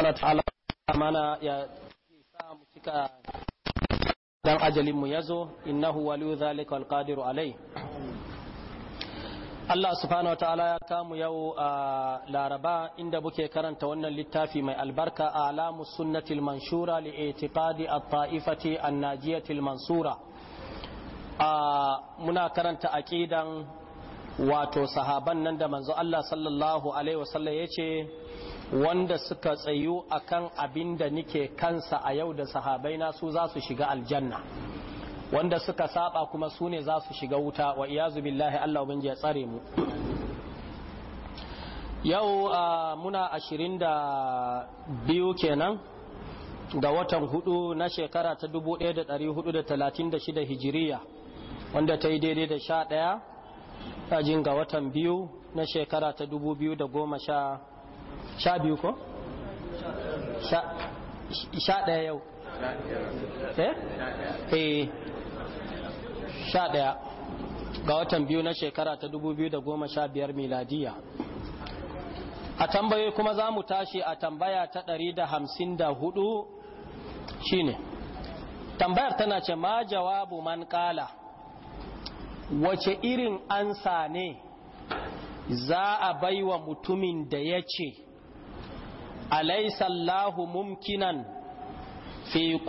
subhanahu ta'ala mana ya sa mu cika dan ajalin mu yazo innahu waliyu zalika alqadiru alai Allah subhanahu ta'ala ya kamu yau a Laraba inda muke karanta wannan littafi mai albarka alamu sunnatil manshura li itiqadi at-ta'ifati an-najiyati mansura muna karanta aqidan wato sahaban nan da manzo Allah sallallahu alaihi wasallam yace wanda suka tsayu akan abin da nike kansa a yau da sahabai na su za su shiga aljanna wanda suka saba kuma su ne za su shiga wuta wa iyazu billahi Allah ubangi ya tsare mu yau uh, muna ashirin da biyu kenan ga watan hudu na shekara ta 1436 hijiriya wanda ta yi daidai da sha daya jin ga watan biyu na shekara ta 2010 sha biyu ko sha ɗaya yau eh? eh sha ɗaya ga watan biyu na shekara ta dubu biyu da goma sha biyar miladiya a tambaye kuma za mu tashi a tambaya ta ɗari da hamsin da hudu shine tambayar tana ce ma jawabu man ƙala wace irin ansa ne za a baiwa mutumin da ya ce alaysa Allahu mumkinan fi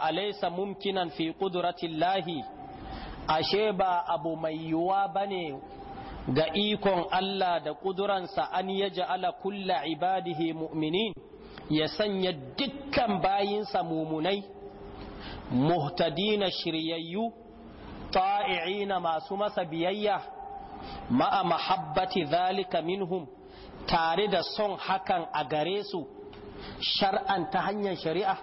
alaysa mumkinan fi qudratillahi ashe ba abu mai yiwuwa bane ga ikon Allah da kuduransa an yaj'ala kulla ibadihi mu'minin ya sanya dukkan bayinsa mumunai muhtadina shiryayyu ta'i'ina masu masa biyayya ma'a mahabbati zalika minhum tare da son hakan a gare su shar'an ta hanyar shari'a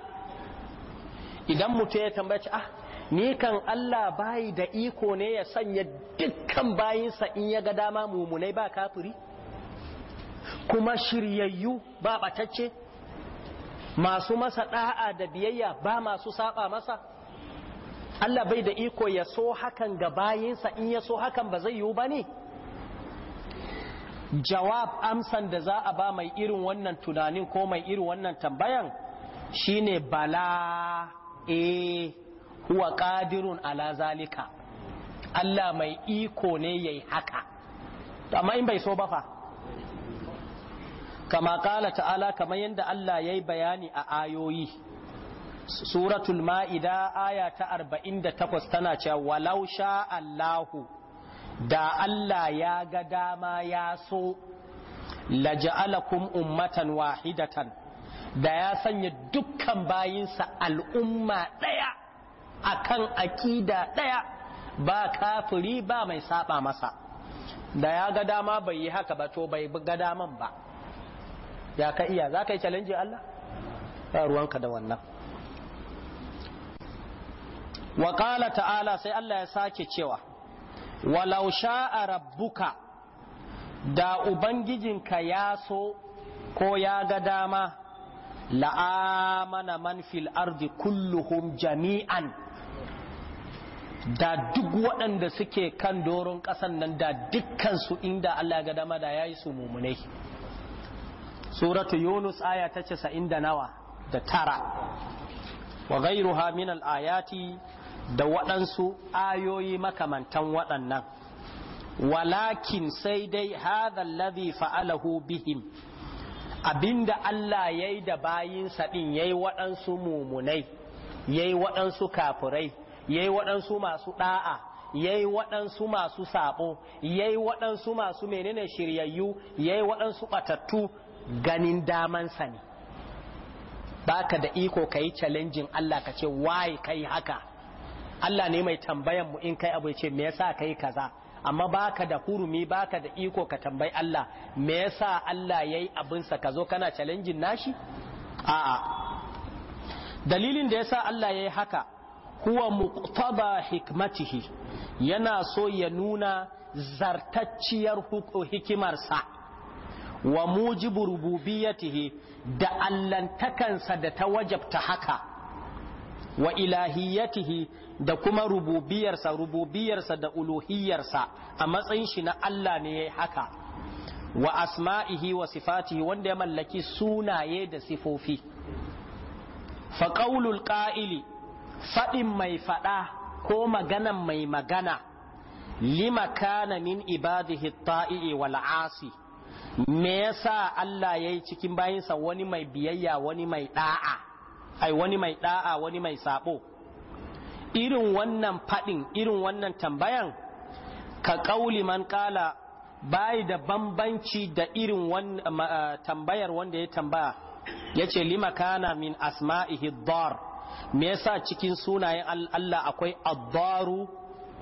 idan mutum ya tambaci ah ni kan Allah bai da iko ne ya sanya dukkan bayinsa in ya ga dama mumunai ba kafiri kuma shiryayyu ba batacce masu masa da'a da biyayya ba masu saba masa Allah bai da iko ya so hakan ga bayinsa in ya so hakan ba zai yiwu ba ne jawab amsan da za a ba mai irin wannan tunanin ko mai irin wannan tambayan shine bala e huwa qadirun ala zalika Allah mai iko ne yayi haka amma in bai so ba fa kama kala ta'ala kamar yadda Allah yayi bayani a ayoyi suratul ma'ida aya ta 48 tana cewa walau sha Allahu da Allah ya ga dama ya so laja'alakum ummatan wahidatan da ya sanya dukkan bayinsa al'umma daya. akan aƙida daya. ba kafiri ba mai saba masa da ya ga dama bai yi haka ba to bai ga daman ba ya ka iya za ka yi challenge Allah ba ruwanka da wannan wa ta'ala sai Allah ya sake cewa walau sha'a rabbuka da ubangijinka ya so ko ya ga dama la'amana man fil ardi kulluhum jami'an da duk waɗanda suke kan doron ƙasan nan da dukkansu inda Allah ga dama da yayi su mummune suratu yunus aya ta sa'in da nawa da tara wa gairu haminal ayati da waɗansu ayoyi makamantan waɗannan walakin sai dai hadhal ladhi fa'alahu bihim abinda Allah yayi da bayinsa din yayi waɗansu mumunai yayi waɗansu kafurai yayi waɗansu masu ɗa'a yayi waɗansu masu sabo yayi waɗansu masu menene shiryayyu yayi waɗansu batattu ganin damansa ne baka da iko kayi challenging Allah ka ce why kai haka Allah ne mai tambayan mu in kai abu ce me yasa kai kaza amma baka da hurumi baka da iko ka tambayi Allah me yasa Allah yayi abin sa kazo kana challenging nashi a'a dalilin da yasa Allah yayi haka huwa muqtaba hikmatihi yana so ya nuna zartacciyar hikimarsa wa mujibu rububiyatihi da allantakansa da ta wajabta haka wa ilahiyatihi da kuma rububiyarsa rububiyarsa da uluhiyarsa a matsayin shi na Allah ne haka wa asma'ihi wa sifatihi wanda ya mallaki sunaye da sifofi fa qaulul qa'ili fadin mai fada ko maganan mai magana lima kana min ibadihi ta'i wal asi me yasa Allah yayi cikin bayinsa wani mai biyayya wani mai da'a ai wani mai da'a wani mai sabo irin wannan fadin irin wannan tambayan ka kauli man kala bai da bambanci da irin tambayar wanda ya tambaya yace lima kana min asma'ihi dar me yasa cikin sunayen Allah akwai ad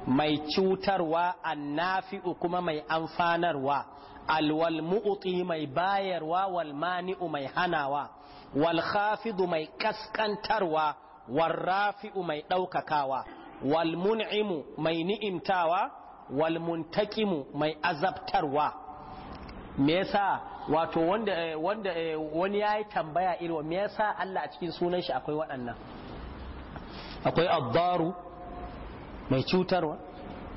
mai cutarwa annafi'u kuma mai amfanarwa alwal mu'ti mai bayarwa wal mani'u mai hanawa walhafizu mai kaskantarwa wal rafi'u mai ɗaukakawa wal mai ni'imtawa wal muntakimu mai azabtarwa me yasa wato wanda eh, wanda eh, wani yayi tambaya irin me yasa Allah a cikin sunan shi akwai waɗannan akwai addaru mai cutarwa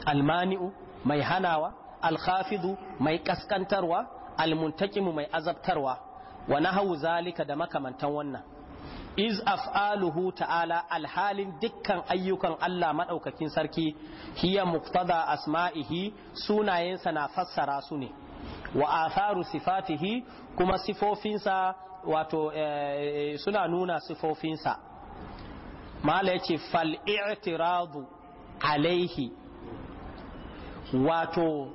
almani'u mai hanawa alhafizu mai kaskantarwa almuntakimu mai azabtarwa wa nahawu zalika da makamantan wannan iz af'aluhu ta'ala alhalin dukkan ayyukan Allah madaukakin sarki hiya muqtada asma'ihi sunayensa na fassara su ne wa atharu sifatihi kuma sifofinsa wato eh, eh, suna nuna sifofinsa mala yace fal i'tiradu alaihi wato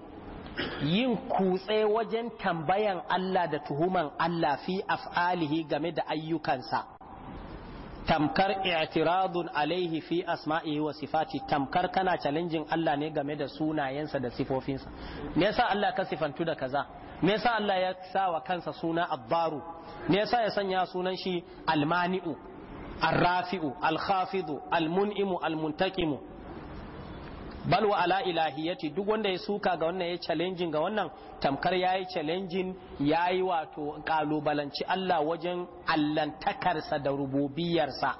yin kutse wajen tambayan Allah da tuhuman Allah fi af'alihi game da ayyukansa tamkar i'tiradun alaihi fi asma'ihi wa sifati tamkar kana challenging Allah ne game da sunayensa da sifofinsa me yasa Allah ka sifantu da kaza me yasa Allah ya sa wa kansa suna abbaru me yasa ya sanya sunan shi almani'u arrafi'u alkhafidu almun'imu almuntakimu bal wa ala ilahiyati duk wanda ya suka ga wannan ya challenge ga wannan tamkar yayi challenge yayi wato kalubalanci Allah wajen sa da rububiyarsa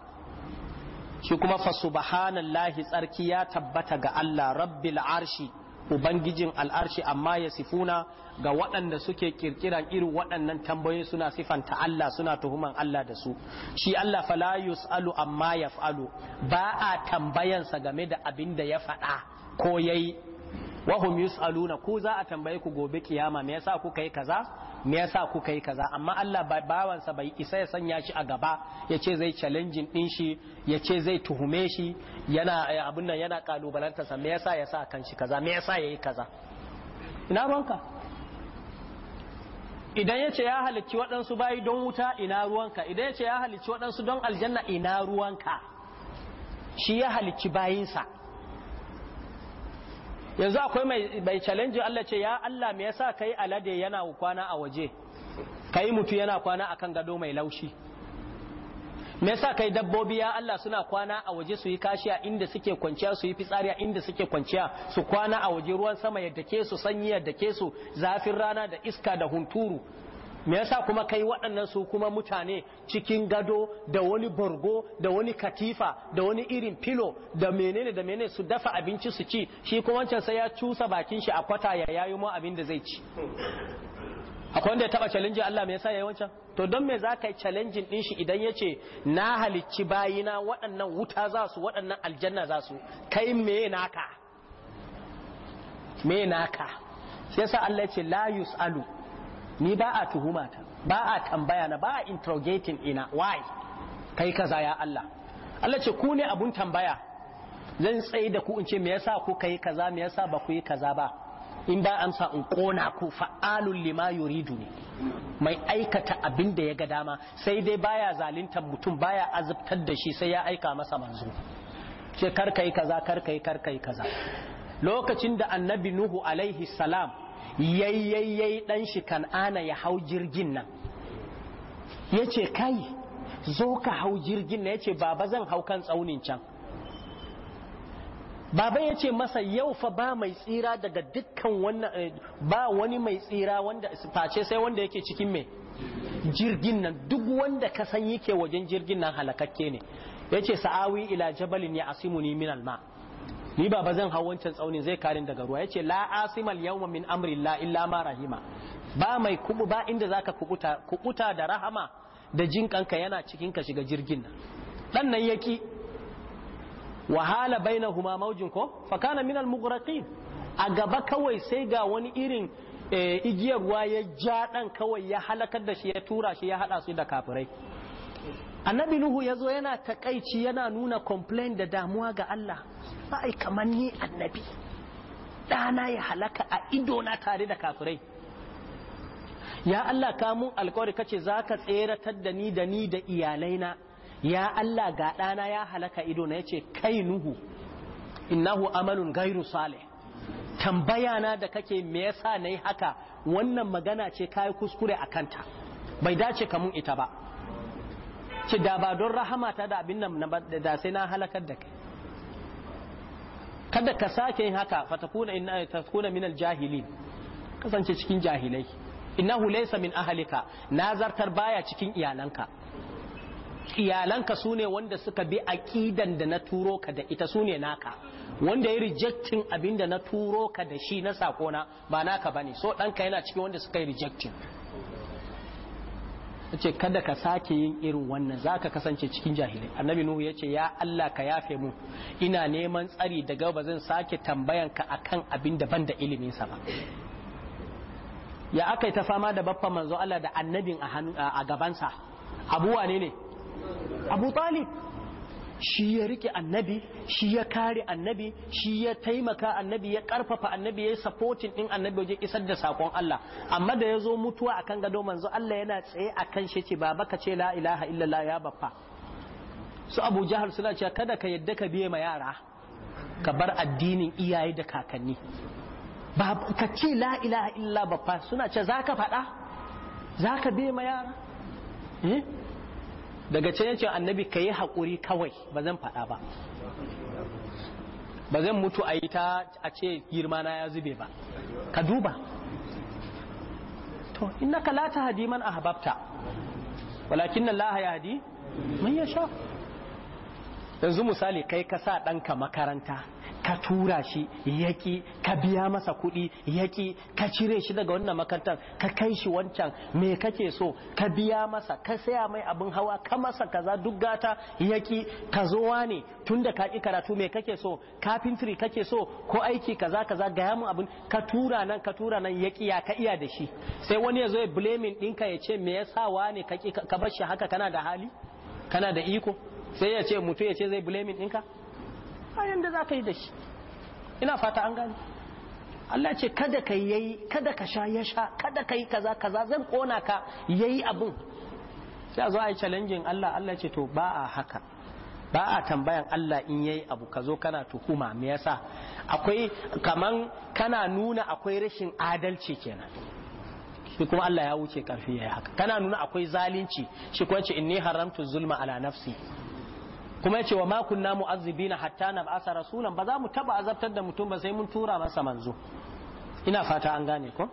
shi kuma fa subhanallahi tsarki ya tabbata ga Allah rabbil arshi ubangijin al'arshi amma ya sifuna ga waɗanda suke kirkiran irin waɗannan tambayoyi suna sifanta Allah suna tuhuman Allah da su shi Allah fala yus'alu amma yaf'alu ba a tambayansa game da abin da ya faɗa ko yayi wa hum yus'aluna ku za a tambaye ku gobe kiyama me yasa kuka yi kaza me yasa kuka yi kaza amma Allah bawansa bai isa ya sanya shi a gaba yace zai challenging din shi yace zai tuhume shi yana eh, abun nan yana kalubalanta sa me yasa yasa kan shi kaza me yasa yayi kaza ina ruwanka idan yace ya halicci waɗansu bayi don wuta ina ruwanka idan yace ya halicci waɗansu don aljanna ina ruwanka shi ya halicci bayinsa yanzu akwai mai challenge Allah ce ya Allah me yasa kai alade yana kwana a waje kai mutu yana kwana akan gado mai laushi me yasa kai dabbobi ya Allah suna kwana a waje su yi kashi a inda suke kwanciya su yi fitsari inda suke kwanciya su kwana a waje ruwan sama ya dake su sanyi ya dake su zafin rana da iska da hunturu me yasa kuma kai waɗannan su kuma mutane cikin gado da wani borgo da wani katifa da wani irin filo da menene da menene su dafa abinci su ci shi kuma wancan sai ya cusa bakin shi a kwata ya yayi mu abin da zai ci akwai wanda ya taba challenge Allah me yasa yayi wancan to don me zaka yi challenge din shi idan yace na halicci bayina waɗannan wuta za su waɗannan aljanna za su kai me naka me naka sai sa Allah ya ce la yusalu ni ba a tuhuma ta ba a tambaya na ba a interrogating ina why kai kaza ya Allah Allah ce ku ne abun tambaya zan tsaye da ku in ce me yasa ku kai kaza me yasa ba ku yi kaza ba in ba amsa in kona ku fa'alul lima yuridu ne mai aikata abin da ya ga dama sai dai baya zaluntar mutum baya azabtar da shi sai ya aika masa manzo ce kai kaza kar karkai karkai kaza lokacin da annabi nuhu alaihi salam yayyayyai dan shi kan'ana ya hau jirgin nan ya ce kai zo ka hau jirgin nan ya ce baba zan hau kan tsaunin can baba ya ce masa yau fa ba mai tsira daga dukkan wannan eh, ba wani mai tsira wanda face sai wanda yake cikin mai jirgin nan duk wanda ka san yake wajen jirgin nan halakakke ne ya ce sa'awi ila jabalin ya asimuni min alma ni ba ba zan hau wancan tsaunin zai karin daga ruwa yace la asimal yawma min amri la illa ma rahima ba mai kubu ba inda zaka kukuta kukuta da rahama da jin jinkanka yana cikin ka shiga jirgin nan dan nan yaki wahala bainahuma mawjun ko fa kana minal mughraqin a gaba kawai sai ga wani irin eh, igiyar ruwa ya ja dan kawai ya halakar da shi ya tura shi ya hada su da kafirai annabi nuhu ya zo yana takaici yana nuna complain da damuwa ga Allah ba ai kamar ni annabi ɗana ya halaka a idona tare da kafirai ya Allah ka mun alkawari kace za ka tseratar da ni da ni da iyalaina ya Allah ga ɗana ya halaka ido na yace kai nuhu innahu amalun gairu salih tambaya na da kake me yasa nayi haka wannan magana ce kai kuskure a kanta bai dace ka mun ita ba ce da ba don rahama ta da abin nan da sai na halakar da kai kada ka sake yin haka takuna inna takuna min aljahilin kasance cikin jahilai innahu laysa min ahlika nazartar baya cikin iyalanka iyalanka sune wanda suka bi aqidan da na turo ka da ita sune naka wanda ya rejecting abin da na turo ka da shi na sako na, ba naka bane so danka yana cikin wanda suka yi rejecting yace kada ka sake yin irin wannan zaka kasance cikin jahilai annabi nuhu ya ce ya Allah ka yafe mu ina neman tsari daga ba zan sake tambayan ka kan abin da ban da ilimin sa ba ya aka yi ta fama da baffan manzo Allah da annabin a gabansa abuwa ne ne abu talib shi ya rike annabi shi ya kare annabi shi ya taimaka annabi ya karfafa annabi ya yi supporting din annabi waje isar da sakon Allah amma da ya zo mutuwa akan gado manzo Allah yana tsaye akan shi ce baba ka ce la ilaha illallah ya baffa su Abu Jahal suna cewa kada ka yadda ka biye ma yara ka bar addinin iyaye da kakanni baba ka ce la ilaha illallah baffa suna cewa zaka faɗa zaka biye ma yara eh? daga can yace annabi ka yi haƙuri kawai ba zan faɗa ba ba zan mutu a yi ta a ce girma na ya zube ba ka duba to ka la hadiman man hababta walakin hadi mai ya sha yanzu misali kai ka sa ɗanka makaranta ka tura shi yaƙi ka biya masa kuɗi yaƙi ka cire shi daga wannan makantar ka kai shi wancan me kake so ka biya masa ka saya mai abin hawa ka masa kaza duk gata yaƙi ka zo wane tunda ka ƙi karatu me kake so kafintiri kake so ko aiki kaza kaza gaya mun abin ka tura nan ka tura nan yaki ya ka iya da shi sai wani ya zo ya blaming ɗinka ya ce me yasa wane ka ka bar shi haka kana da hali kana da iko sai ya ce mutu ya ce zai blaming ɗinka ayan da za ka yi da shi ina fata an gani Allah ce kada ka yayi kada ka sha ya sha kada ka yi kaza kaza zan kona ka yayi abin sai a zo a yi challenging Allah Allah ce to ba a haka ba a tambayan Allah in yayi abu ka zo kana tuhuma me yasa akwai kaman kana nuna akwai rashin adalci kenan shi kuma Allah ya wuce karfi yayi haka kana nuna akwai zalunci shi kuma ce inni haramtu zulma ala nafsi kuma ya ce wa ma kunna na hatta na nab'asa rasulan ba za mu taba azabtar da mutum ba sai mun tura masa manzo ina fata an gane ko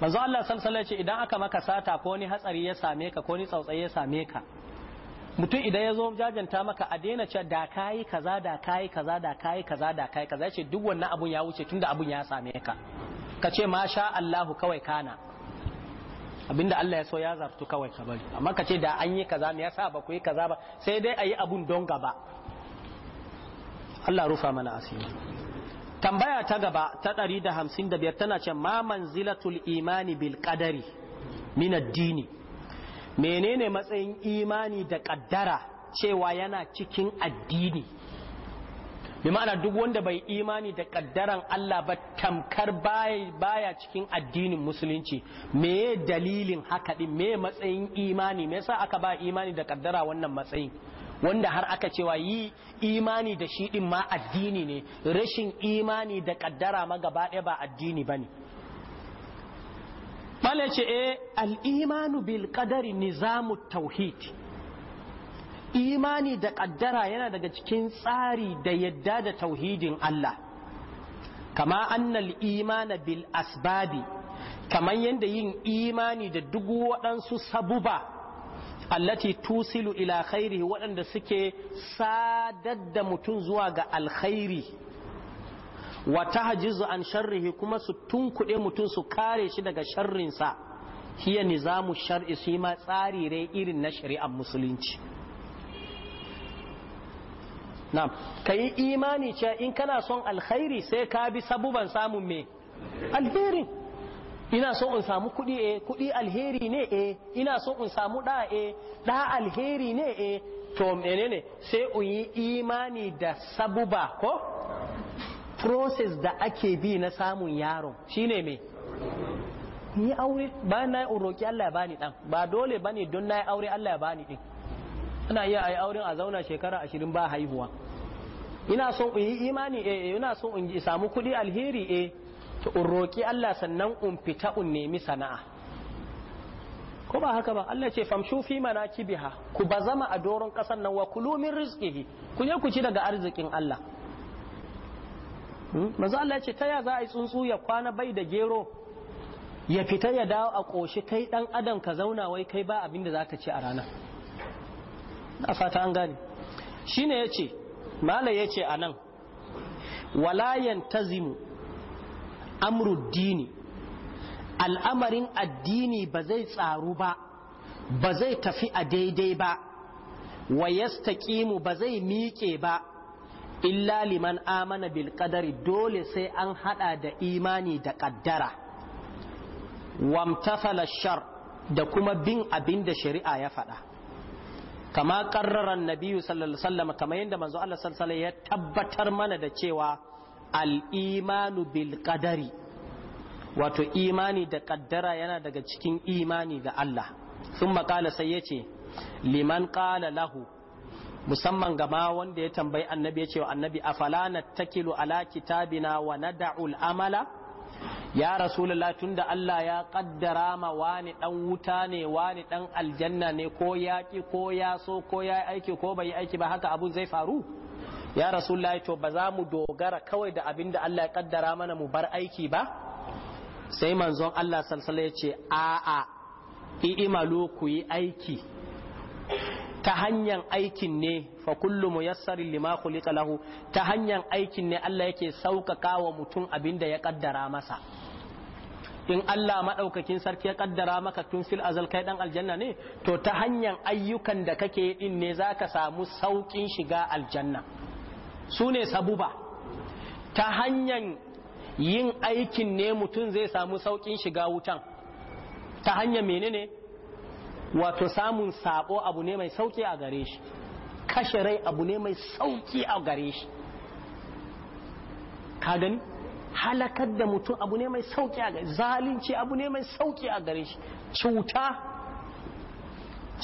manzo Allah sallallahu ya ce idan aka maka sata ko ni hatsari ya same ka ko ni tsautsayi ya same ka mutum idan ya zo jajanta maka a daina ce da kayi kaza da kayi kaza da kayi kaza da kayi kaza yace duk wannan abun ya wuce tun da abun ya same ka ka ce ma sha Allahu kawai kana abinda Allah ya so ya zartu kawai ka bari amma ka ce da an yi kaza ya yasa ba ku yi kaza ba sai dai a yi abun don gaba Allah rufa mana asiri tambaya ta gaba ta 155 tana ce ma manzilatul imani bil qadari min addini menene matsayin imani da kaddara cewa yana cikin addini bi ma'ana duk wanda bai imani da kaddaran Allah ba tamkar baya cikin addinin musulunci meye dalilin haka din Me matsayin imani me yasa aka ba imani da kaddara wannan matsayin wanda har aka cewa yi imani da shi din ma addini ne rashin imani da kaddara ma gaba ɗaya ba addini bane bale ce eh al-imanu bil qadari nizamut tauhid imani da ƙaddara yana daga cikin tsari da yadda da tauhidin Allah kama annal imana bil asbabi kamar yadda yin imani da duk waɗansu sabuba allati tusilu ila khairi waɗanda suke sadar da mutum zuwa ga alkhairi wa tahjizu an sharrihi kuma su tunkuɗe mutum su kare shi daga sharrinsa hiya nizamu shar'i su ma tsari irin na shari'ar musulunci na'am kai imani cewa in kana son alkhairi sai ka bi sabuban samun me alheri ina so in samu kuɗi eh kuɗi alheri ne eh ina so in samu da eh da alheri ne eh to menene sai un yi imani da sabuba ko process da ake bi na samun yaron shine me ni aure ba na roki Allah ya bani dan ba dole bane don na aure Allah ya bani din ana iya a yi auren a zauna shekara ashirin ba haihuwa ina so in yi imani eh, eh ina so in samu kuɗi alheri eh to in roƙi Allah sannan in fita in nemi sana'a ko ba haka ba Allah ce famshu fi manakibiha ku bazama a doron ƙasar nan wa kulu min rizqihi ku je ku ci daga arzikin Allah hmm? manzo Allah ce taya za a yi tsuntsu ya kwana bai da gero ya fita ya dawo a ƙoshi kai ɗan adam ka zauna wai kai ba abin da zaka ci a rana A fata an gane shine yace ya yace anan wala yantazimu amru dini al'amarin addini ba zai tsaru ba ba zai tafi a daidai ba wa mu ba zai miƙe ba illa liman amana bil dole sai an hada da imani da ƙaddara wamtafala shar da kuma bin abin da shari'a ya faɗa kama ƙarraran Nabiyu nabi sallallahu kama yanda manzo Allah sallallahu ya tabbatar mana da cewa al-imanu bil ƙadari wato imani da kaddara yana daga cikin imani ga Allah Tun Makala sai yace liman qala lahu musamman gama wanda ya tambayi annabi ya ce wa annabi afala nattakilu ala kitabina wa nada'ul amala ya rasulullah tunda Allah ya kaddara ma wani dan wuta ne wani dan aljanna ne ko ya ki ko ya so ko ya aiki ko bai aiki ba haka abun zai faru ya rasulullah to ba za mu dogara kawai da abin da Allah ya kaddara mana mu bar aiki ba sai manzon Allah sallallahu ya ce a'a i'malu ku yi aiki ta hanyar aikin ne fa kullu muyassarin lima khuliqa lahu ta hanyar aikin ne Allah yake sauƙaƙa wa mutum abin da ya kaddara masa in Allah maɗaukakin sarki ya kaddara maka tun fil azal kai dan aljanna ne to ta hanyar ayyukan da kake din ne zaka samu sauƙin shiga aljanna sune sabuba ta hanyar yin aikin ne mutum zai samu sauƙin shiga wutan ta hanyar menene wato samun sabo abu ne mai sauki a gare shi kashe rai abu ne mai sauki a gare shi ka gani halakar da mutum abu ne mai sauki a gare zalunci abu ne mai sauki a gare shi cuta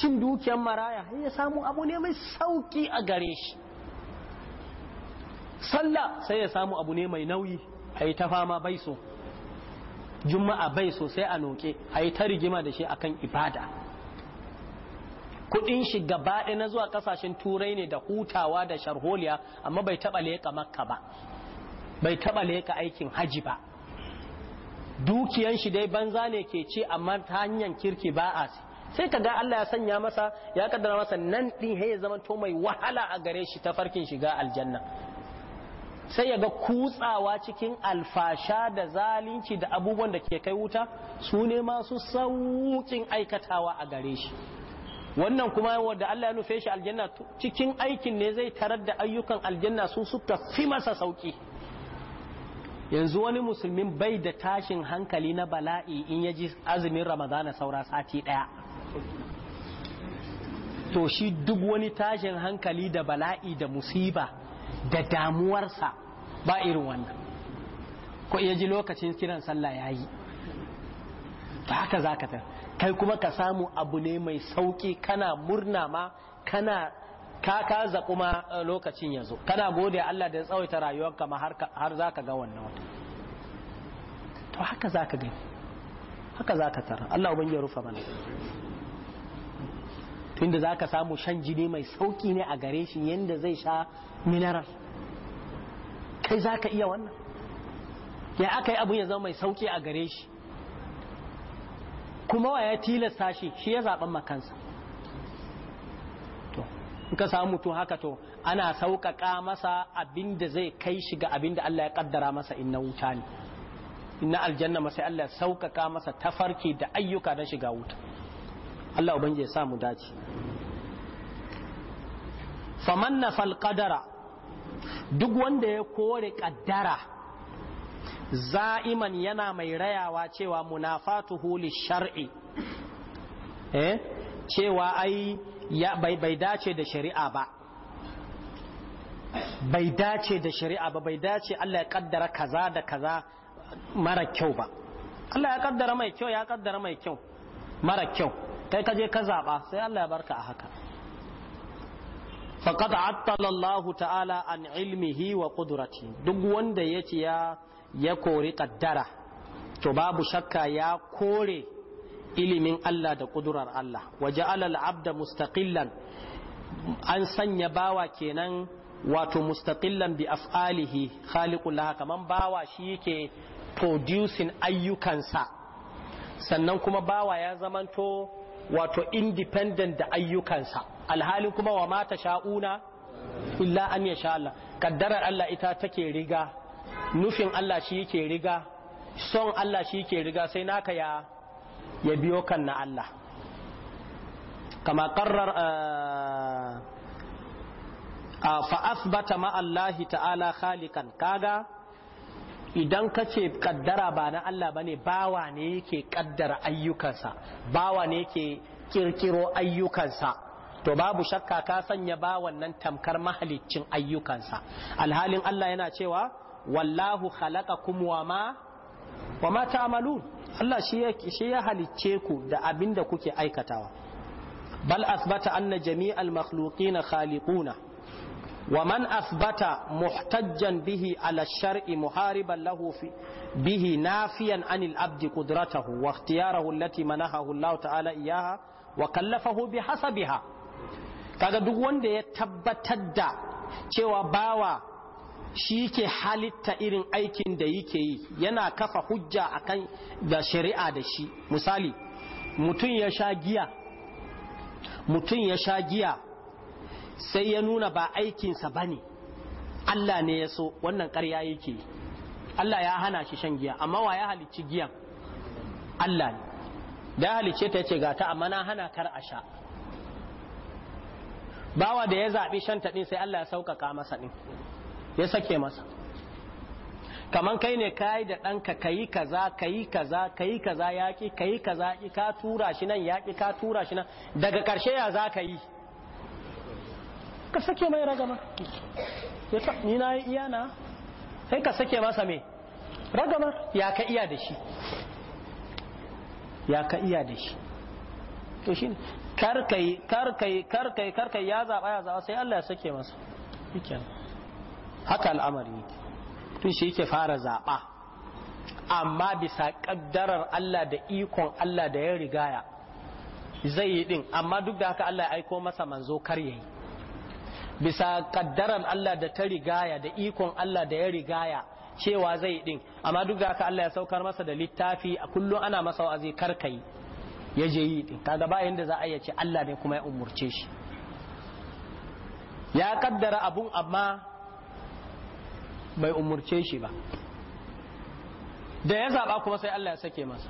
cin dukiyar maraya ya samu abu ne mai sauki a gare shi sallah sai ya samu abu ne mai nauyi a yi ta fama bai so juma'a bai so sai a noke a yi ta rigima da shi akan ibada kudin shi gaba ɗaya na zuwa kasashen turai ne da hutawa da sharholiya amma bai taba leka makka ba bai taba leka aikin haji ba dukiyan shi dai banza ne ke ce amma ta hanyar kirki ba a sai ka ga Allah ya sanya masa ya kaddara masa nan ɗin ya zama to mai wahala a gare shi ta farkin shiga aljanna sai ya ga kutsawa cikin alfasha da zalunci da abubuwan da ke kai wuta su ne masu sauƙin aikatawa a gare shi wannan kuma wanda Allah ya nufe shi aljanna cikin aikin ne zai tarar da ayyukan aljanna su suka fi masa sauki yanzu wani musulmin bai da tashin hankali na bala'i in ya ji azumin ramadana saura sati daya to shi duk wani tashin hankali da bala'i da musiba da damuwarsa ba irin wannan ko iya ji lokacin kiran sallah ya yi ta haka za ka kai kuma ka samu abu ne mai sauki kana murna ma kana ka kaza kuma eh, lokacin ya zo kana gode Allah da ya tsawaita rayuwarka ma har za ka ga wannan wata to haka za ka gani haka za ka tara Allah ubangi ya rufa mana tunda za ka samu shan jini mai sauki ne a gare shi yadda zai sha mineral kai za ka iya wannan ya aka yi abun ya zama mai sauki a gare shi kuma wa ya tilasta shi shi ya zaɓen makansa to in ka samu mutum haka to ana sauƙaƙa masa abin da zai kai shi ga abin da Allah ya ƙaddara masa in wuta ne in aljanna masa Allah ya sauƙaƙa masa tafarki da ayyuka na shiga wuta Allah ubangiji ya sa mu dace famanna nafal qadara duk wanda ya kore ƙaddara za'iman yana mai rayawa cewa munafatuhu lishar'i eh cewa ai ya bai bai dace da shari'a ba bai dace da shari'a ba bai dace Allah ya kaddara kaza da kaza mara kyau ba Allah ya kaddara mai kyau ya kaddara mai kyau mara kyau kai ka je ka zaba sai Allah ya barka a haka faqad attala Allahu ta'ala an ilmihi wa qudratihi duk wanda yace ya ya kori kaddara to babu shakka ya kore ilimin Allah da kudurar Allah waje alal abda mustaqillan an sanya bawa kenan wato mustaqillan bi af'alihi khaliqul laha kaman bawa shi yake producing ayyukansa sannan kuma bawa ya zamanto wato independent da ayyukansa alhalin kuma wa mata sha'una illa an yasha Allah kaddarar Allah ita take riga nufin Allah shi yake riga son Allah shi yake riga sai naka ya ya biyo kan na Allah kama qarrar eh, fa asbata ma Allah ta'ala khalikan kaga idan ka ce kaddara ba na Allah bane bawa ne yake kaddara ayyukansa bawa ne yake kirkiro ayyukansa to babu shakka ka sanya bawan nan tamkar mahaliccin ayyukansa alhalin Allah yana cewa wallahu khalaqakum wa ma wa ma ta'malun Allah shi ya shi ya halicce ku da abinda kuke aikatawa bal asbata anna jami'al makhluqina khaliquna wa man asbata muhtajjan bihi ala shar'i muhariban lahu fi bihi nafiyan anil abdi qudratahu wa ikhtiyarahu allati manahahu Allah ta'ala iyaha wa kallafahu bi kaga duk wanda ya tabbatar da cewa bawa shi ke halitta irin aikin da yake yi yana kafa hujja akan da shari'a da shi misali mutum ya sha giya mutum ya sha giya sai ya nuna ba aikinsa ba ne Allah ne ya so wannan karya yake Allah ya hana shi shan giya amma wa ya halicci giyan Allah ne da ya halicce ta ce gata amma na hana kar a sha bawa da ya zaɓi shan taɗin sai Allah ya sauƙaƙa masa ɗin ya sake masa kaman kai ne kai da ɗanka kayi kaza kayi kaza kayi kaza yaƙi kayi kaza ka tura shi nan yaƙi ka tura shi nan daga ƙarshe ya za ka yi ka sake mai ragama ni na yi iya na sai ka sake masa me ragama ya ka iya da shi ya ka iya da shi to shi shine karkai karkai karkai karkai ya zaba ya zaba sai Allah ya sake masa shikenan haka al'amari tun shi yake fara zaɓa amma bisa ƙaddarar Allah da ikon Allah da ya rigaya zai yi ɗin amma duk da haka Allah ya aiko masa manzo kar ya yi bisa ƙaddarar Allah da ta rigaya da ikon Allah da ya rigaya cewa zai yi ɗin amma duk da haka Allah ya saukar masa da littafi a kullum ana masa wa'azi kar ka ya je yi ɗin kaga ba yanda za a iya ce Allah ne kuma ya umarce shi ya ƙaddara abun amma bai umurce shi ba da ya zaba kuma sai Allah ya sake masa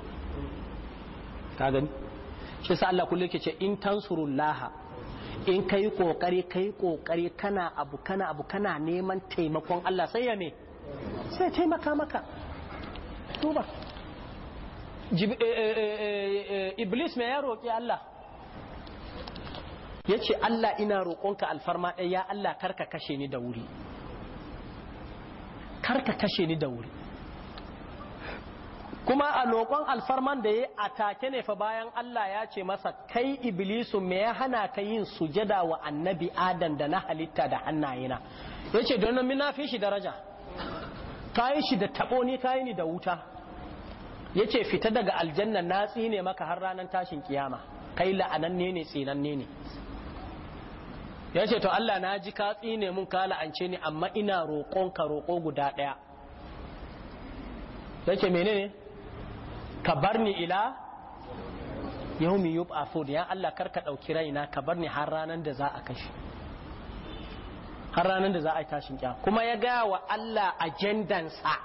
ka gani shi sa Allah kullu yake ce in tansurullah in kai kokari kai kokari kana abu kana abu kana neman taimakon Allah sai ya me sai taimaka maka duba eh, eh, eh, iblis me ya roƙi Allah ya ce Allah ina roƙonka alfarma ɗaya ya Allah karka kashe ni da wuri karka kashe ni da wuri kuma a lokon alfarman da ya atake ne fa bayan Allah ya ce masa kai iblisu me ya hana ka yin sujada wa annabi adam da na halitta da hannayena ya ce don min na fi shi daraja ka yi shi da tabo ni ka yi ni da wuta yace fita daga aljanna na tsine maka har ranar tashin kiyama kai la'ananne ne tsinanne ne ya ce to Allah na ji ka tsine mun ka la'ance ni amma ina roƙon ka roƙo guda ɗaya ya ce ne. ka bar ni ila yau mi yub da ya Allah kar ka ɗauki raina ka bar ni har ranar da za a kashe har ranar da za a yi tashin kya kuma ya gaya wa Allah ajendansa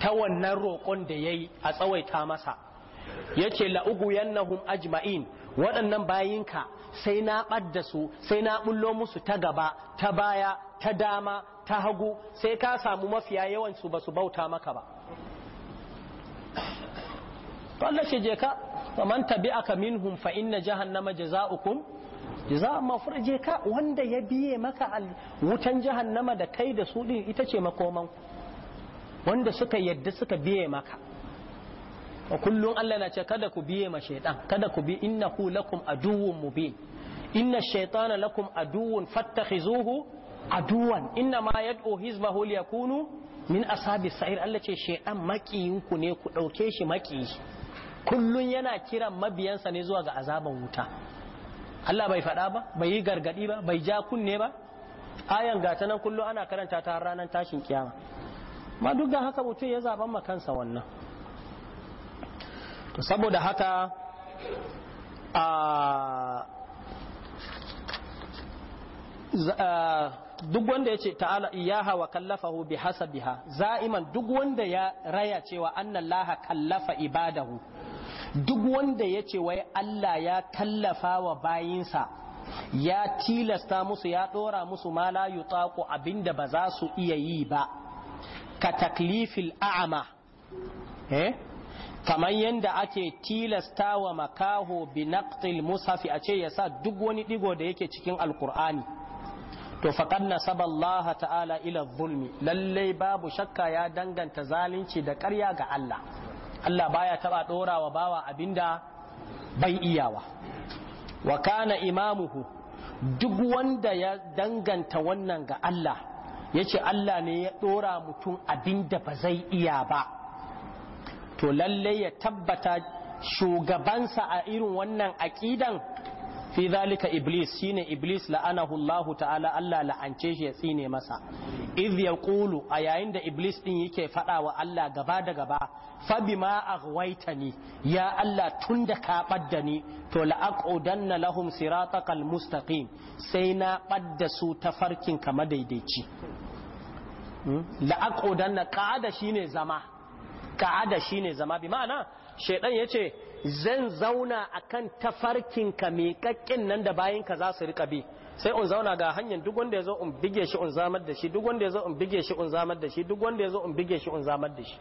ta wannan roƙon da ya yi a tsawaita masa ya ce la'ugu yannahum ajma'in waɗannan bayinka sai na ɓadda su sai na bullo musu ta gaba ta baya ta dama ta hagu sai ka samu mafiya yawansu su ba su bauta maka ba Allah ce je ka man tabi'aka minhum fa inna jahannama jaza'ukum jaza'an mafura je ka wanda ya biye maka wutan jahannama da kai da su din ita ce makoman wanda suka yadda suka biye maka kullum Allah na ce kada ku biye ma shaitan kada ku bi hu lakum aduwwun mubin inna shaitana lakum aduwwun fattakhizuhu aduwan inna ma yad'u hizbahu liyakunu min ashabi sa'ir Allah ce shaitan makiyin ku ne ku dauke shi maki kullun yana kiran mabiyansa ne zuwa ga azaban wuta Allah bai faɗa ba bai yi gargadi ba bai ja kunne ba ayan gata nan kullum ana karanta ta ranar tashin kiyama ma duk da haka mutum ya ma makansa wannan saboda haka a duk wanda ya ce ta'ala iyaha wa kallafahu bi hasabiha za'iman duk wanda ya raya cewa laha kallafa ibadahu duk wanda ya ce wai Allah ya kallafa wa bayinsa ya tilasta musu ya dora musu ma la yutaqu abinda ba za su iya yi ba ka taklifil a'ama eh kamar yadda ake tilasta wa makaho bi naqtil mushafi a ce ya sa duk wani digo da yake cikin alkur'ani to faqad nasaba Allah ta'ala ila zulmi lalle babu shakka ya danganta zalunci da ƙarya ga Allah Allah baya taba dorawa bawa abinda bai iyawa wa kana imamuhu duk wanda ya danganta wannan ga Allah yace Allah ne ya dora mutum abinda ba zai iya ba to lalle ya tabbata shugabansa a irin wannan aƙidan fi zalika iblis shine iblis la'anahu Allah ta'ala Allah la'ance shi ya tsine masa idh yaqulu a yayin da iblis din yake fada wa Allah gaba da gaba fa bima aghwaytani ya Allah tunda ka badda ni to la'aqudanna lahum siratakal mustaqim sai na badda su tafarkin ka madaidaici hmm? la'aqudanna qa'ada shine zama ka'ada shi ne zama bi ma'ana shaidan ya ce zan zauna akan tafarkinka miƙaƙƙin nan da bayanka za su riƙa bi sai un zauna ga hanyar duk wanda ya zo in bige shi un zamar da shi duk wanda ya zo in bige shi un zamar da shi duk wanda ya zo in bige shi un zamar da shi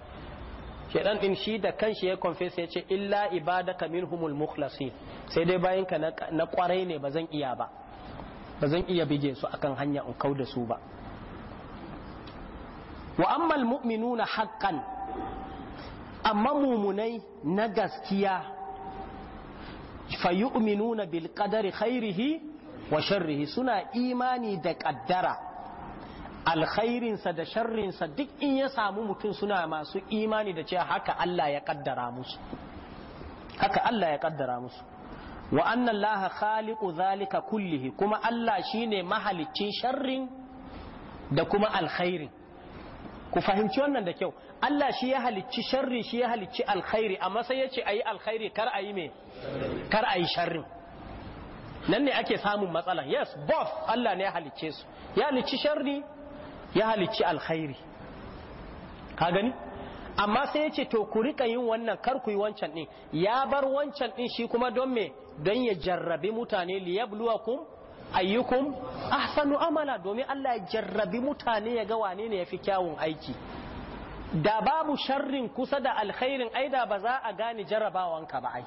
shaidan din shi da kanshi ya confess ya ce illa ibadaka minhumul mukhlasin sai dai bayanka na kwarai ne ba zan iya ba ba zan iya bige su akan hanya in kau da su ba wa ammal mu'minuna haqqan amma mumunai na gaskiya fayu'minuna bil bilkadari. khairihi wa sharrihi suna imani da kaddara alkhairinsa da sharrinsa duk in ya samu mutum suna masu imani da cewa haka Allah ya kaddara musu haka Allah ya kaddara musu wa anna Allah khaliqu zalika kullihi kuma Allah shine mahalicin sharrin da kuma alkhairin ku fahimci wannan da kyau Allah shi ya halicci sharri shi ya halicci alkhairi amma sai ya ce ayi alkhairi kar ayi me kar ayi sharri nan ne ake samun matsala yes both Allah ne ya halicce su ya halicci sharri ya halicci alkhairi ka gani amma sai ya ce to ku rika yin wannan kar ku yi wancan din ya bar wancan din shi kuma don me don ya jarrabe mutane liyabluwakum ayyukum ahsanu amala domin Allah ya jarrabi mutane ya ga wane ne yafi kyawun aiki da babu sharrin kusa da alkhairin ai da ba za a gane jarrabawanka ba ai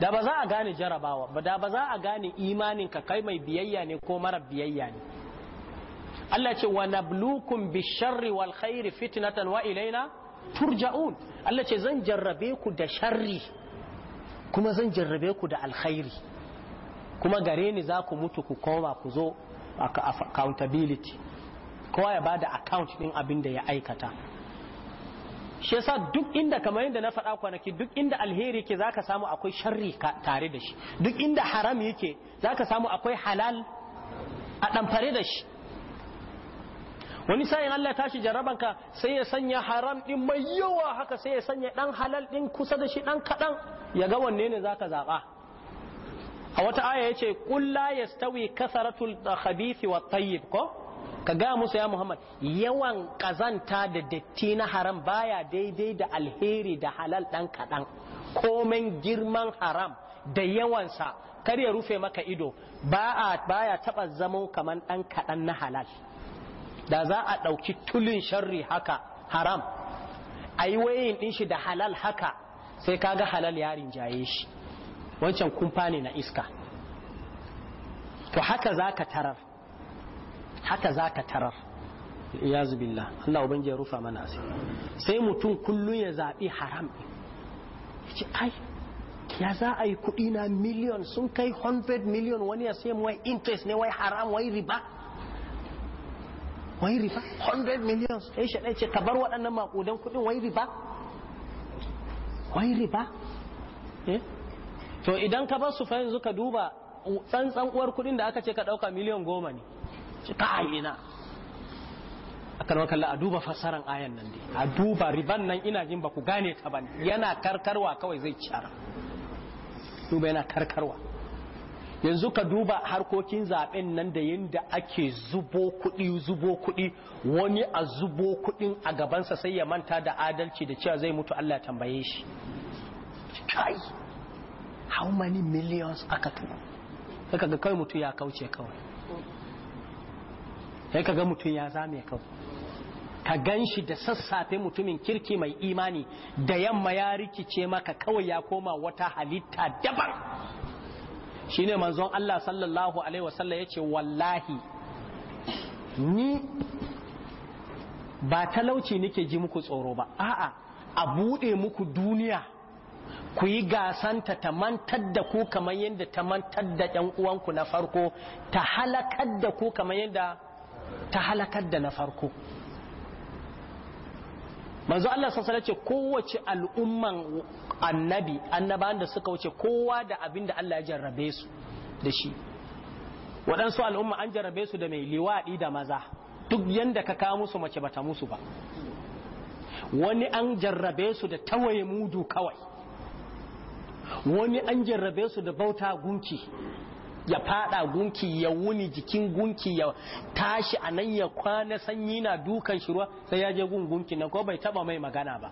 da ba za a gane jarabawa ba da ba za a gane imanin ka kai mai biyayya ne ko mara biyayya ne Allah ce wa nablukum bisharri wal khairi fitnatan wa ilaina turja'un Allah ce zan jarrabe ku da sharri kuma zan jarrabe ku da alkhairi kuma gare ni za ku mutu ku koma ku zo accountability kowa ya bada account din abin da ya aikata shi yasa duk inda kamar yadda na faɗa kwanaki duk inda alheri yake zaka samu akwai sharri tare da shi duk inda haram yake zaka samu akwai halal a ɗamfare da shi wani sa'in Allah tashi ka sai ya sanya haram din mai yawa haka sai ya sanya dan halal din kusa da shi dan kadan ya ga wanne ne zaka zaba a wata aya yace qul la yastawi kasaratul khabithi wat tayyib ko ka ga musu ya Muhammad yawan kazanta da datti na haram baya daidai da alheri da halal dan kadan komen girman haram da yawansa kar ya rufe maka ido ba a baya taba zamo kaman dan kadan na halal da za a dauki tulin sharri haka haram ayi wayin din shi da halal haka sai kaga halal ya rinjaye shi wancan kumfa ne na iska to haka za ka tarar haka za ka tarar ya zubillah Allah ubangi jiya rufa mana asiri sai mutum kullum ya zaɓi haram ya ce ai ya za a yi kuɗi na miliyon sun kai 100 miliyon wani ya sai wai interest ne wai haram wai riba wai riba 100 miliyon sai ɗai ce ka bar waɗannan maƙudan kuɗin wai riba wai riba eh? to idan ka bar su fa yanzu ka duba tsantsan uwar kuɗin da aka ce ka ɗauka miliyan goma ne ci ka ina a duba fassaran ayan nan dai a duba riban nan ina jin ba ku gane ta bane yana karkarwa kawai zai cara duba yana karkarwa yanzu ka duba harkokin zaben nan da yadda ake zubo kuɗi zubo kuɗi wani a zubo kuɗin a gabansa sai ya manta da adalci da cewa zai mutu Allah tambaye shi kai how many millions aka tuku. sai kaga kai mutum ya kauce kawai sai kaga mutum ya zame kawai ka gan shi da sassafe mutumin kirki mai imani da yamma ya rikice maka kawai ya koma wata halitta daban ne manzon Allah sallallahu alaihi wasallam yace wallahi ni ba talauci nake ji muku tsoro ba a'a a buɗe muku duniya ku yi gasanta ta mantar da ku kamar yadda ta mantar da ‘yan uwanku na farko ta halakar da ku kamar yadda ta halakar da na farko manzo Allah sassana ce kowace al'umman annabi annaba da suka wuce kowa da abin da Allah ya jarrabe su da shi waɗansu al'umma an jarrabe su da mai liwaɗi da maza duk yadda ka kawo musu mace ba ta musu ba wani an jarrabe su da tawaye mudu kawai wani an jarrabe su da bauta gunki ya fada gunki ya wuni jikin gunki ya tashi a nan ya kwana sanyi na dukan shi ruwa sai ya je gun gunki na ko bai taba mai magana ba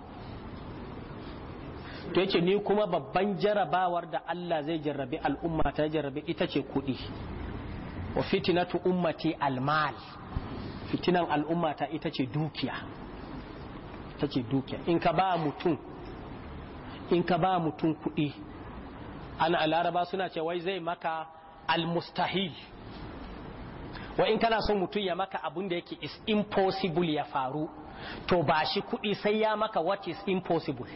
to yake ni kuma babban jarabawar da Allah zai jarrabe al'umma ta jarrabe ita ce kudi wa fitinatu ummati almal fitinan al'umma ta ita ce dukiya ita ce dukiya in ka ba mutum in ka ba mutum kuɗi ana laraba suna ce wai zai maka almustahil wa in kana son mutum ya maka abun da yake is impossible ya faru to ba shi kuɗi sai ya maka what is impossible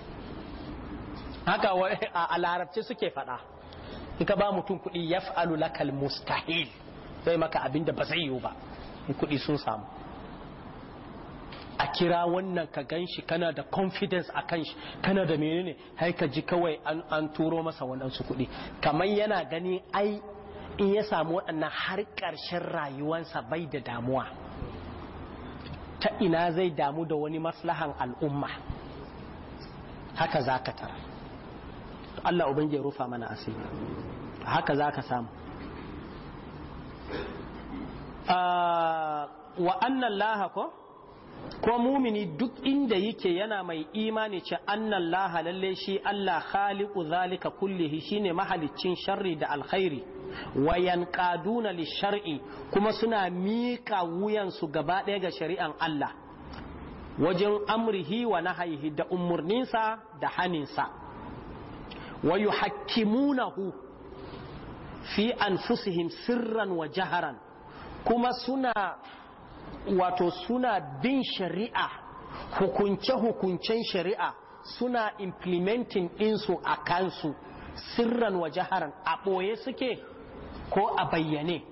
haka a larabci suke faɗa in ka ba mutum kuɗi ya fa'alu lakal mustahil zai maka abin da ba zai yiwu ba in kuɗi sun samu a kira wannan ka gan shi kana da confidence a kan shi kana da menene har ka ji kawai an, turo masa waɗansu kuɗi kamar yana gani ai in ya samu waɗannan har ƙarshen rayuwansa bai da damuwa ta ina zai damu da wani maslahan al'umma haka za ka tara Allah ubangi ya rufa mana asiri haka za ka samu ah, wa annan laha ko ko mumini duk inda yake yana mai imani ce annan laha lalle shi Allah khaliqu zalika kullihi shine mahaliccin sharri da alkhairi Wayan yanqaduna li shar'i kuma suna mika wuyan su gaba ɗaya ga shari'an Allah wajen amrihi wa haihi da umurninsa da haninsa wa yuhakkimunahu fi anfusihim sirran wa jaharan kuma suna wato suna bin shari'a hukunce-hukuncen shari'a suna implementing ɗinsu a kansu sirran wa jaharan a ɓoye suke ko a bayyane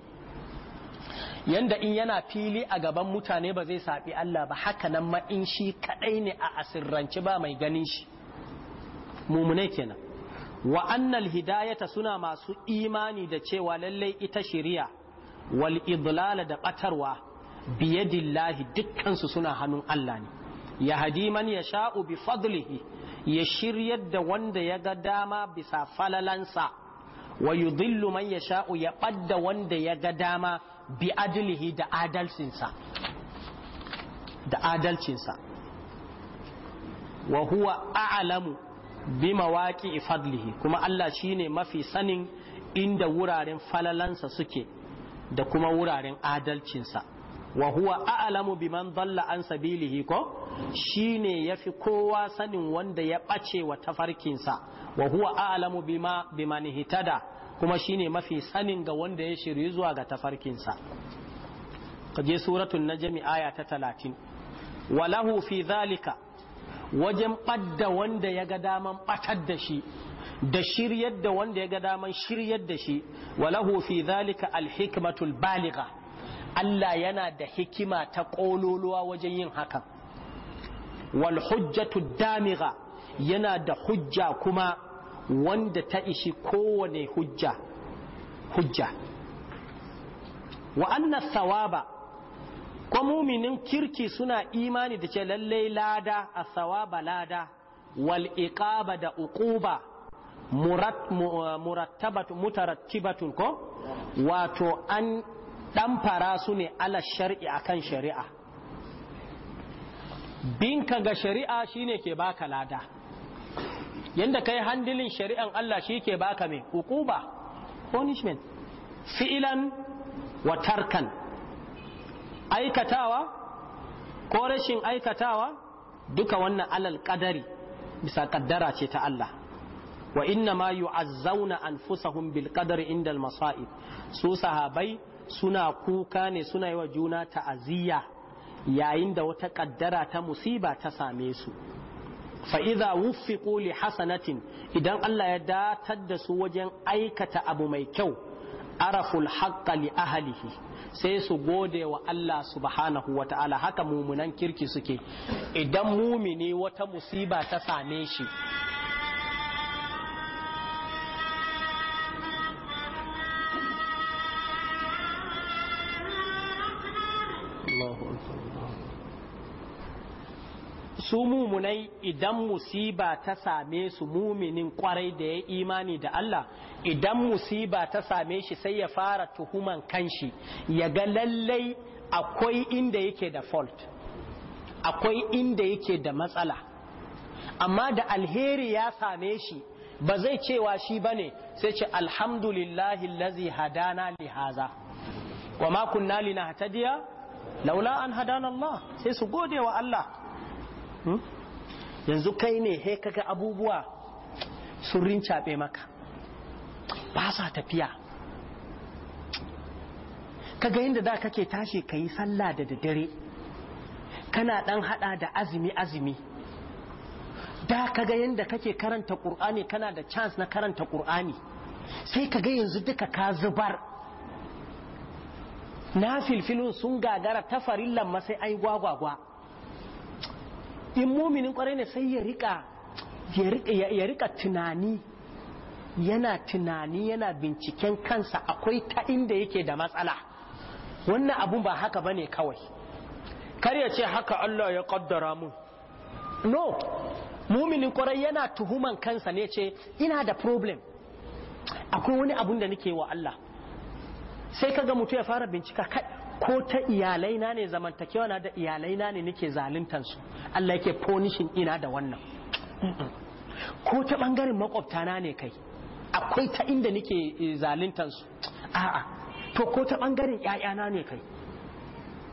yanda in yana fili a gaban mutane ba zai saɓi Allah ba haka nan ma in shi kaɗai ne a asirrance ba mai ganin shi Mummune kenan wa'annan hidayata suna masu imani da cewa lallai ita shiriya wal idlala da ɓatarwa biyadillahi dukkansu suna hannun Allah ne ya hadi man ya sha'u bi fadlihi ya shiryar da wanda ya ga dama bisa falalansa wa yudhillu man ya sha'u ya ɓadda wanda ya ga dama bi adlihi da adalcinsa da adalcinsa wa huwa a'lamu bi mawaqi fadlihi kuma Allah shine mafi sanin inda wuraren falalansa suke da kuma wuraren adalcinsa wa huwa a'lamu biman dalla an sabilihi ko shine yafi kowa sanin wanda ya bace wa tafarkinsa wa huwa a'lamu bima biman hitada kuma shine mafi sanin ga wanda ya shiryu zuwa ga tafarkinsa kaje suratul najmi aya ta 30 walahu fi zalika wajen ɓadda wanda ya ga daman ɓatar da shi da shiryar da wanda ya ga daman shiryar da shi walahu fi zalika alhikmatul baligha Allah yana da hikima ta ƙololuwa wajen yin hakan wal hujjatu damiga yana da hujja kuma wanda ta ishi kowane hujja hujja wa anna thawaba ko muminin kirki suna imani da ce lallai lada a sawaba lada wal iqaba da uquba murat murattabat ko wato an ɗan fara su ne ala shar'i akan shari'a binka ga shari'a shine ke baka lada yanda kai handilin shari'an Allah shi ke baka mai hukuba punishment fi'ilan wa tarkan aikatawa ko rashin aikatawa duka wannan alal kadari bisa kaddara ce ta Allah wa inna ma yu'azzauna anfusahum bil bilƙadari inda al masa'ib su sahabai suna kuka ne suna yi wa juna ta'aziyya yayin da wata kaddara ta musiba ta same su fa'iza wuffiqu li hasanatin idan Allah ya datar da su wajen aikata abu mai kyau araful haqqa li ahlihi sai su gode wa Allah subhanahu wa haka mumunan kirki suke idan mumini wata musiba ta same shi su mumunai idan musiba ta same su muminin kwarai da ya imani da Allah idan musiba ta same shi sai ya fara tuhuman kanshi ya ga lallai akwai inda yake da fault akwai inda yake da matsala amma da alheri ya same shi ba zai cewa shi bane sai ce alhamdulillahi lazi hadana lihaza wa ma kunna linahtadiya laula an hadana Allah sai su gode wa Allah Hmm? yanzu kai ne he kaga abubuwa sun rincaɓe maka ba sa tafiya kaga yadda da kake tashi ka yi sallah da daddare kana dan hada da azumi-azumi da kaga yadda kake karanta ƙur'ani kana da chance na karanta ƙur'ani sai kaga yanzu duka ka zubar na filfilun sun gagara ta farillan masai ai gwagwagwa in muminin kwarai ne sai ya rika ya rika tunani yana tunani yana binciken kansa akwai ta inda yake da matsala wannan abun ba haka bane kawai kar ya ce haka Allah ya kaddara mun no muminin kwarai yana tuhuman kansa ne ce ina da problem akwai wani abun da nake wa Allah sai kaga mutu ya fara bincika kai ko ta iyalai na ne zamantakewa na da iyalai na ne nake su Allah yake ponishin ina da wannan ko ta bangaren makwabta na ne kai akwai ta inda nake eh, zaluntan su a'a to ko ta bangaren ƴaƴana ne kai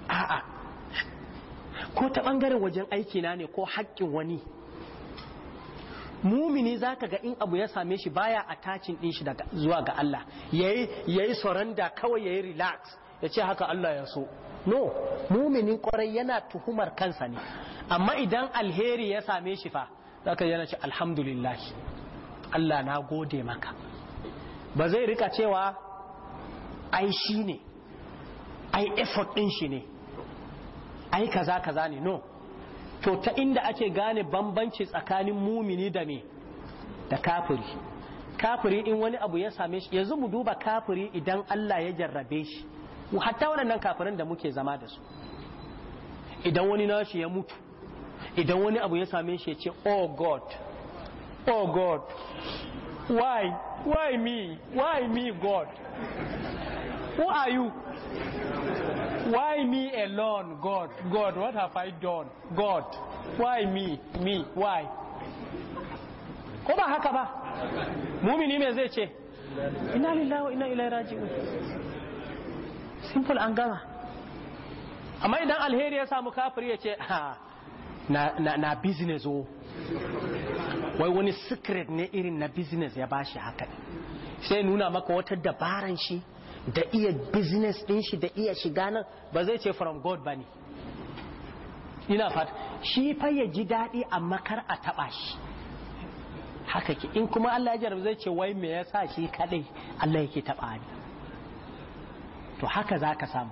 a'a ko ta bangaren wajen aiki na ne ko haƙƙin wani mumini zaka ga in abu ya same shi baya attaching din shi zuwa ga Allah yayi yayi soranda kawai yayi relax ya ce haka Allah ya so no muminin kwarai yana tuhumar kansa ne amma idan alheri ya same shi fa zaka yana ce alhamdulillah Allah na gode maka ba zai rika cewa ai shi ne ai effort din shi ne ai kaza kaza ne no to ta inda ake gane bambanci tsakanin mumini da me da kafiri kafiri in wani abu ya same shi yanzu mu duba kafiri idan Allah ya jarrabe shi hatta wannan kafirin da muke zama da su idan wani nashi ya mutu idan wani abu ya same shi ya ce oh god oh god why why me why me god who are you why me alone god god what have i done god why me me why ko ba haka ba mumini me zai ce ina lillahi wa ina ilaihi raji'un simple an gama amma idan alheri ya samu kafiri ya ce ha na, na business o wai wani secret ne irin na business ya ba shi haka sai nuna maka wata dabaran shi da iya business din shi da iya shiga nan ba zai ce from god ba ne ina fata shi fa ya ji daɗi amma kar a taɓa shi haka ke in kuma Allah ya jarabu zai ce wai me yasa shi kadai Allah yake taɓa ni to haka za ka samu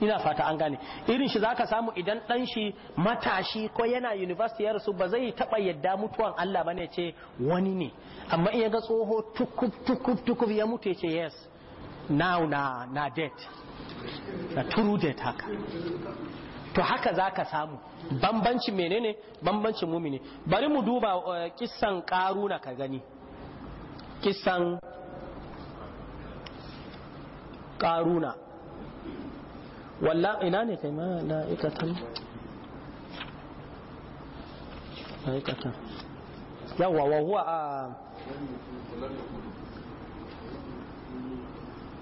ina fata an gane irin shi za ka samu idan ɗan shi matashi ko yana university ya rasu ba zai taɓa yadda mutuwan Allah ba ne ce wani ne amma in ya ga tsoho tukub tukub tukub ya mutu ya ce yes now na na dead na true dead haka to haka za ka samu bambanci menene bambancin mumini bari mu duba eh, kissan karuna ka gani kissan ƙaruna wallah ina ne kai ma la'ikatan la'ikatan yawa wa huwa a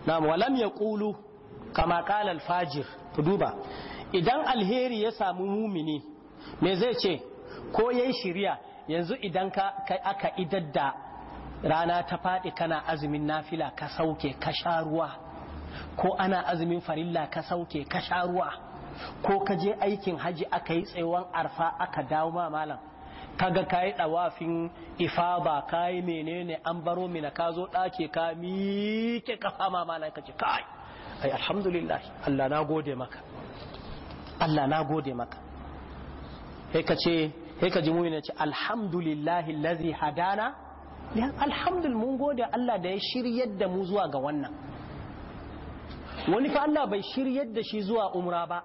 na'am walam yaqulu kama qala al-fajir ku duba idan alheri ya samu mumini me zai ce ko yayi shiriya yanzu idan ka kai aka idadda rana ta faɗi kana azumin nafila ka sauke ka sha ruwa ko ana azumin farilla ka sauke ka sha ruwa ko ka je aikin haji aka yi tsayuwan arfa aka dawo ma malam kaga ka kayi dawafin ifaba kayi menene an baro mina ka zo ɗake ka miƙe ka fama malam ka ce kai ai alhamdulillah Allah na gode maka Allah na gode maka sai ka ce sai ka ji ne ce alhamdulillah allazi hadana alhamdul mun gode Allah da ya shiryar da mu zuwa ga wannan wani fa Allah bai shiryar da shi zuwa umra ba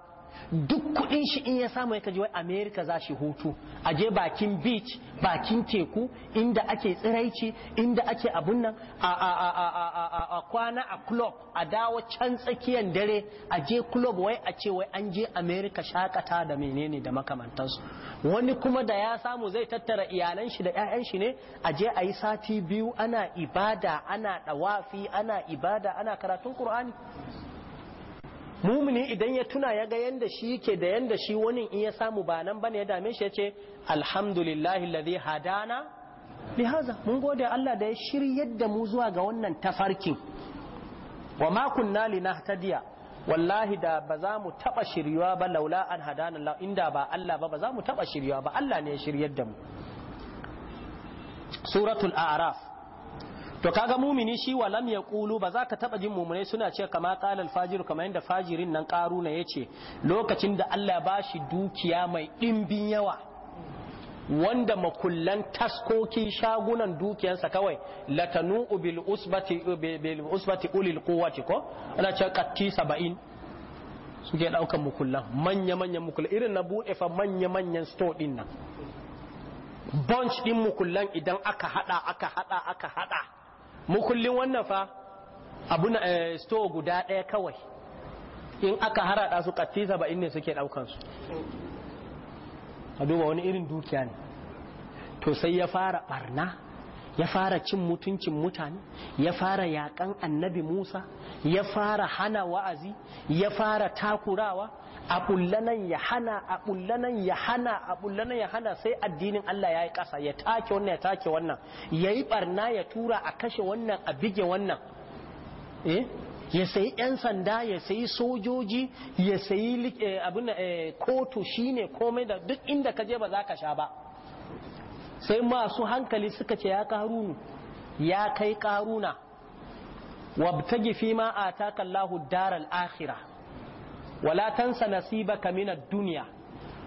duk kudin shi in ya samu yaka kaji wai America za shi hutu a je bakin beach bakin teku inda ake tsiraici inda ake abun nan a kwana a club a dawo can tsakiyar dare a je club wai a ce wai an je America shakata da menene da makamantansu wani kuma da ya samu zai tattara iyalan shi da 'ya'yan shi ne a je a yi sati biyu ana ibada ana dawafi ana ibada ana karatun Qur'ani mumini idan ya tuna ya ga yanda shi ke da yanda shi wani in ya samu ba nan bane ya dame shi ya ce alhamdulillahi ladhi hadana lihaza mun gode Allah da ya shiryar da mu zuwa ga wannan tafarkin wa ma kunna linahtadiya wallahi da ba za mu taba shiryuwa ba laula an hadana Allah inda ba Allah ba ba za mu taba shiryuwa ba Allah ne ya shiryar da mu suratul a'raf to kaga mumini shi wa lam yaqulu ba za ka taba jin mumune suna ce kama qala al fajir kama inda fajirin nan na yace lokacin da Allah ba shi dukiya mai dimbin yawa wanda makullan taskoki shagunan dukiyansa kawai latanu bil usbati bil usbati ulil quwwati ko ana ce katti 70 suke daukan mukullan manya manyan mukullan irin na bude fa manya manyan store din nan bunch din mukullan idan aka hada aka hada aka hada Mukullin wannan fa abu na eh, store guda ɗaya kawai in aka harada su katti saba'in ne suke ɗaukan su a duba wani irin dukiya ne to sai ya fara barna ya fara cin mutuncin mutane ya fara yakan annabi musa ya fara hana wa'azi ya fara takurawa a Yahana. ya hana a bullanan ya hana a ya hana sai addinin Allah ya yi ƙasa ya take wannan ya take wannan ya yi ɓarna, ya tura a kashe wannan a bige wannan eh? ya sayi 'yan sanda ya sayi sojoji ya sayi eh, abin eh, kotu shine komai da duk inda ka je ba za ka sha ba sai masu hankali suka ce ya karunu ya kai karuna wabtagi fi ma a Allahu daral akhirah wala tansa nasibaka minad dunya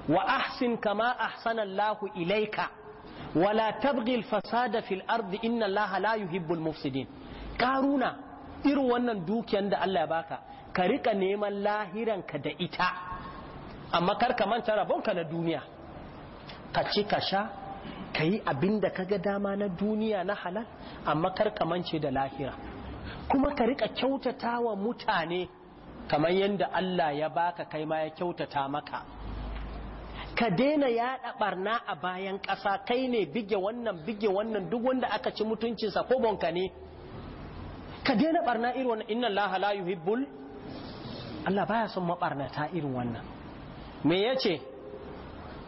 wa ahsin kama ahsana ilaika wala tabghi fasada fil ardi inna Allah la yuhibbul mufsidin karuna irin wannan dukiyan da Allah ya baka ka rika neman lahiranka da ita amma kar ka manta rabonka na duniya ka ci ka sha ka yi abin da ka ga dama na duniya na halal amma kar ka mance da lahira kuma ka rika kyautata wa mutane kamar yadda Allah ya baka kai ma ya kyautata maka ka daina yaɗa barna a bayan ƙasa kai ne bige wannan bige wannan duk wanda aka ci mutuncinsa ko bonka ne ka daina barna irin wannan inna Allah la yuhibbul Allah baya son mabarnata irin wannan me yace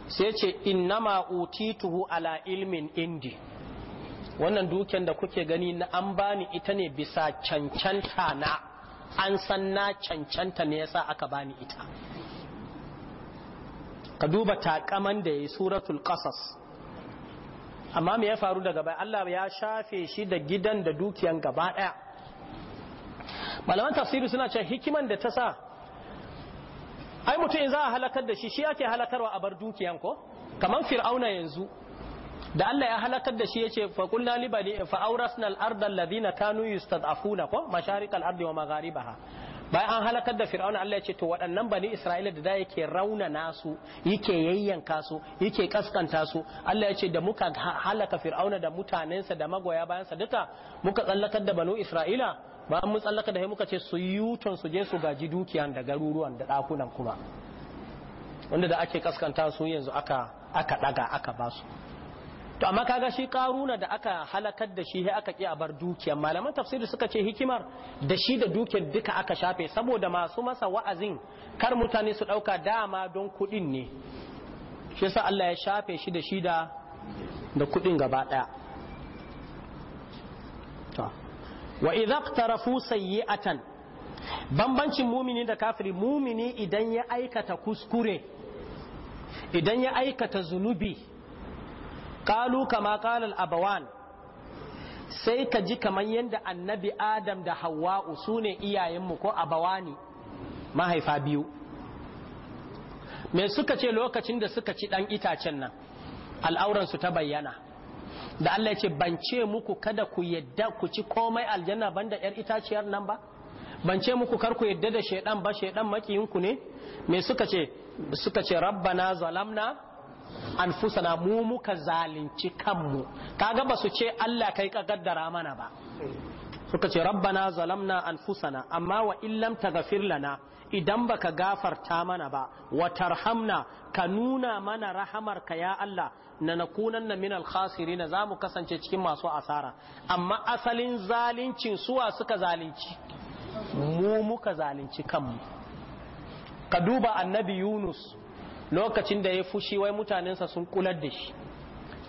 sai ce innama utituhu ala ilmin indi wannan duken da kuke gani na an bani ita ne bisa cancanta na an san na cancanta ne yasa aka bani ita ka duba takaman da ya yi suratul qasas amma me ya faru daga bai Allah ya shafe shi da gidan da dukiyan gaba daya malaman tafsiri suna cewa hikiman da ta sa ai mutum za a halakar da shi shi ake halakarwa a bar dukiyan ko kamar fir'auna yanzu da Allah ya halakar da shi ya ce fa qulna li bani fa awrasna al arda alladhina kanu yustad'afuna ko masharik al ardi wa magharibaha bayan an halakar da fir'auna Allah ya ce to waɗannan bani isra'ila da da yake rauna nasu yake yayyanka su yake kaskanta su Allah ya ce da muka halaka fir'auna da mutanensa da magoya bayansa duka muka tsallakar da banu isra'ila ba mun tsallaka da muka ce su yuton su je su gaji dukiyan da garuruwan da ɗakunan kuma wanda da ake kaskanta su yanzu aka aka daga aka basu to amma kaga shi karuna da aka halakar da shi sai aka ki a bar dukiya malaman tafsiri suka ce hikimar da shi da dukiyar duka aka shafe saboda masu masa wa'azin kar mutane su dauka dama don kudin ne shi yasa Allah ya shafe shi da shi da da kudin gaba daya to wa idza qtarafu sayyi'atan bambancin mumini da kafiri mumini idan ya aikata kuskure idan ya aikata zunubi qalu kama qala al-abawan sai ka ji kamar yadda annabi adam da hawa'u su ne iyayenmu ko abawani mahaifa biyu me suka ce lokacin da suka ci dan itacen nan al'auransu ta bayyana da Allah ya ce ban ce muku kada ku yadda ku ci komai aljanna banda yar itaciyar nan ba ban ce muku kar ku yadda da shaidan ba shaidan makiyinku ne me suka ce suka ce rabbana zalamna anfusana mu muka zalunci kanmu kaga ba su ce Allah kai ka gaddara mana ba suka ce rabbana zalamna anfusana amma wa illam taghfir lana idan baka gafarta mana ba wa tarhamna ka nuna mana rahamarka ya Allah na nakunanna min al-khasirin zamu kasance cikin masu asara amma asalin zalincin suwa suka zalunci mu muka zalunci kanmu ka duba annabi Yunus lokacin da ya fushi wai mutanensa sun kular da shi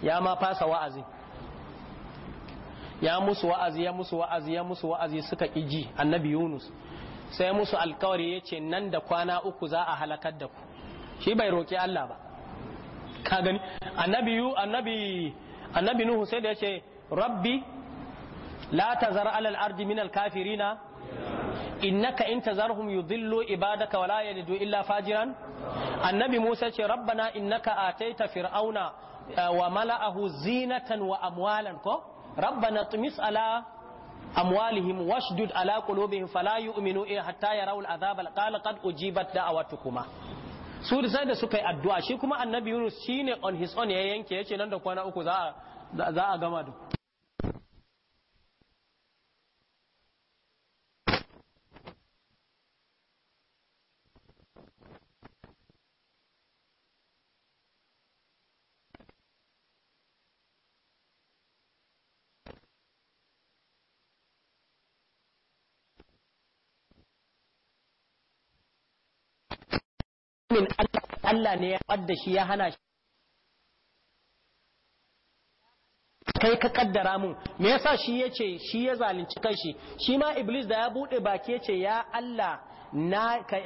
ya ma fasa wa'azi ya musu wa'azi ya musu wa'azi ya musu wa'azi suka iji annabi yunus sai musu alkawari ya ce nan da kwana uku za a halakar da ku shi bai roƙi allah ba ka gani annabi yu annabi annabi nuhu sai da ya ce rabbi la tazar alal ardi min al kafirina innaka in tazarhum yudhillu ibadaka wala yalidu illa fajiran annabi Musa ce rabbana innaka ataita fir'auna eh, wa mala'ahu zinatan wa amwalan ko rabbana tumis ala amwalihim washdud ala qulubihim fala yu'minu hatta yarawul azab qala qad ujibat da'awatukuma su sai da suka yi addu'a shi kuma annabi Yunus shine on his own ya yanke yace nan da kwana uku za a gama duk. mu'min Allah ne ya ɓadda shi ya hana shi kai ka kaddara mun me yasa shi yace shi ya zalunci kanshi shi ma iblis da ya bude baki yace ya Allah na ka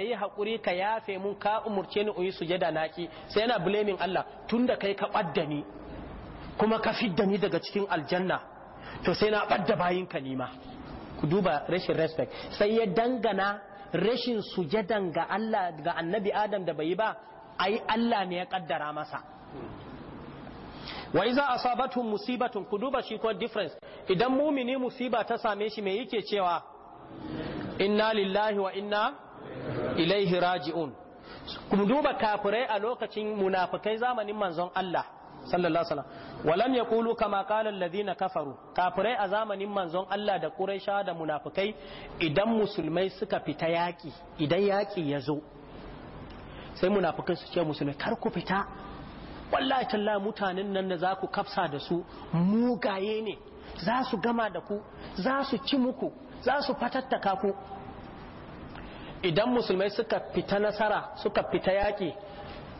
eh, hakuri ka yafe mun ka umurce ni uyi sujada naki sai yana blaming Allah tunda kai ka ɓadda ni kuma ka fidda ni daga cikin aljanna to sai na ɓadda bayin ka nima ku duba rashin respect sai ya dangana rashin sujadan ga Allah ga annabi Adam da bai ba ai Allah ne ya kaddara masa wa iza asabatuhum musibatun ku duba shi ko difference idan mumini musiba ta same shi me yake cewa inna lillahi wa inna ilaihi raji'un ku duba kafirai a lokacin munafikai zamanin manzon Allah sallallahu alaihi wasallam walam Kulu, kama qala alladhina kafaru kafirai a zamanin manzon Allah da quraisha da munafikai idan musulmai suka fita yaki idan yaki ya zo sai munafikai su ce musulmai kar ku fita wallahi tallahi mutanen nan da za ku kafsa da su mugaye ne za su gama da ku za su ci muku za su fatattaka ku idan musulmai suka fita nasara suka fita yaki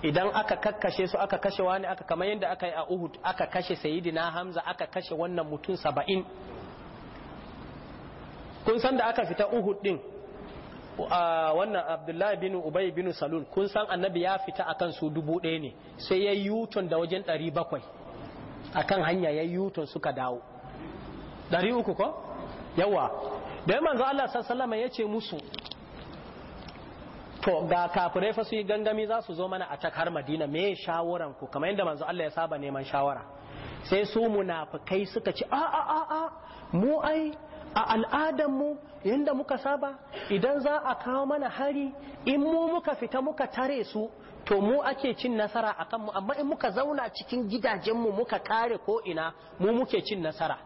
idan aka kakkashe su aka kashe wani aka kamar yadda aka yi a uhud aka kashe sayidina hamza aka kashe wannan mutum saba'in kun san da aka fita uhud din wannan abdullahi bin ubay bin salul kun san annabi ya fita akan su dubu ɗaya ne sai ya yi yuton da wajen ɗari bakwai akan hanya ya yi yuton suka dawo ɗari uku ko yawa da manzo Allah sallallahu alaihi wasallam ya ce musu to ga kafirai fa su yi gangami za su zo mana a cak har madina me shawaran ku kamar yadda manzo Allah ya saba neman shawara sai su munafikai suka ce a a a a mu ai a al'adan mu yanda muka saba idan za a kawo mana hari in mu muka fita muka tare su to mu ake cin nasara akan mu amma in muka zauna cikin gidajen mu muka kare ko ina mu muke cin nasara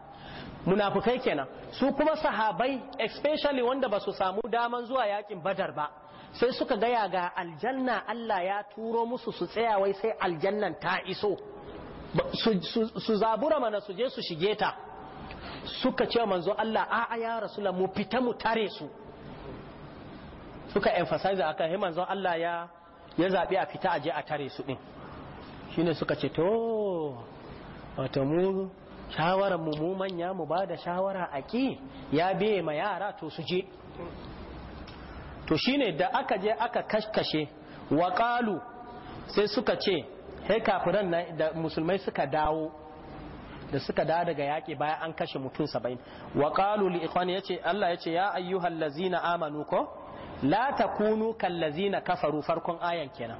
munafukai kenan su kuma sahabai especially wanda ba su samu daman zuwa yakin badar ba sai suka gaya ga aljanna Allah ya turo musu su tsaya wai sai aljannan ta iso su zabura mana su je su shige ta suka ce manzo Allah a'a ya rasulullah mu fita mu tare su suka emphasize akan he manzo Allah ya ya zabi a fita aje a tare su din shine suka ce to wata mu shawara mu mu manya mu ba da shawara a ya biye ma yara to su je to shine da aka je aka kashkashe wa qalu sai suka ce he kafiran na da musulmai suka dawo da suka dawo daga yaƙi bayan an kashe mutum saba'in wa qalu li ikhwani yace Allah yace ya ayyuhal lazina amanu ko la takunu lazina kafaru farkon ayan kenan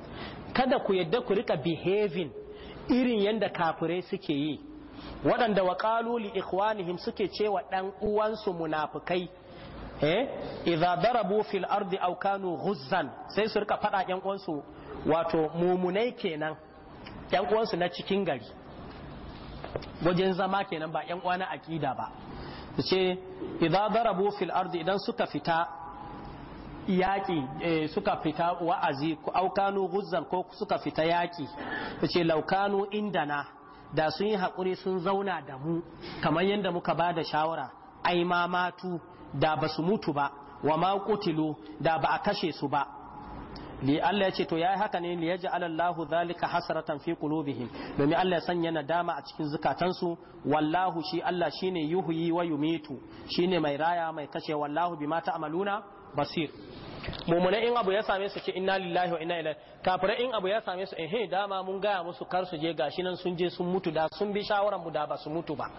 kada ku yadda ku rika behaving irin yadda kafirai suke yi waɗanda wa qalu li ikhwanihim suke cewa dan uwansu munafikai eh darabu fil ardi aw kanu ghuzzan sai su rika fada yan uwansu wato mumunai kenan yan uwansu na cikin gari wajen zama kenan ba yan uwa na akida ba su ce idza darabu fil ardi idan suka fita yaki eh, suka fita wa'azi aw kanu ghuzzan ko suka fita yaki su ce laukanu indana da sun yi haƙuri sun zauna da mu kamar yadda muka ba da shawara ai ma matu da ba su mutu ba wa ma kutilu da ba a kashe su ba li Allah ya ce to yayi haka ne li yaj'al Allah zalika hasratan fi qulubihim domin Allah ya sanya nadama a cikin zukatansu wallahu shi Allah shine yuhyi wa yumitu shine mai raya mai kashe wallahu bima ta'maluna basir mummunai in abu ya same su ce inna lillahi wa inna ilaihi kafirai in abu ya same su eh dama mun gaya musu kar su je gashi nan sun je sun mutu da sun bi shawaran mu da ba su mutu ba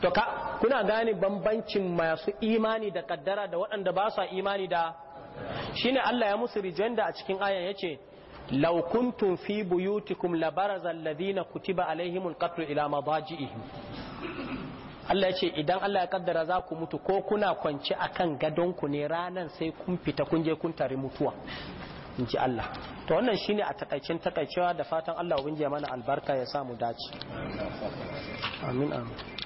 to ka kuna gane bambancin masu imani da kaddara da waɗanda ba sa imani da shine Allah ya musu rijenda a cikin ayan yace law kuntum fi buyutikum labaraza alladhina kutiba alaihimul qatl ila madaji'ihim Allah ya ce idan Allah ya kaddara za ku mutu ko kuna kwance akan gadonku ne ranan sai kun fita kun je kun tare mutuwa in ji Allah to wannan shine a takaicin takaicewa da fatan Allah ubangiji mana albarka ya samu dace amin amin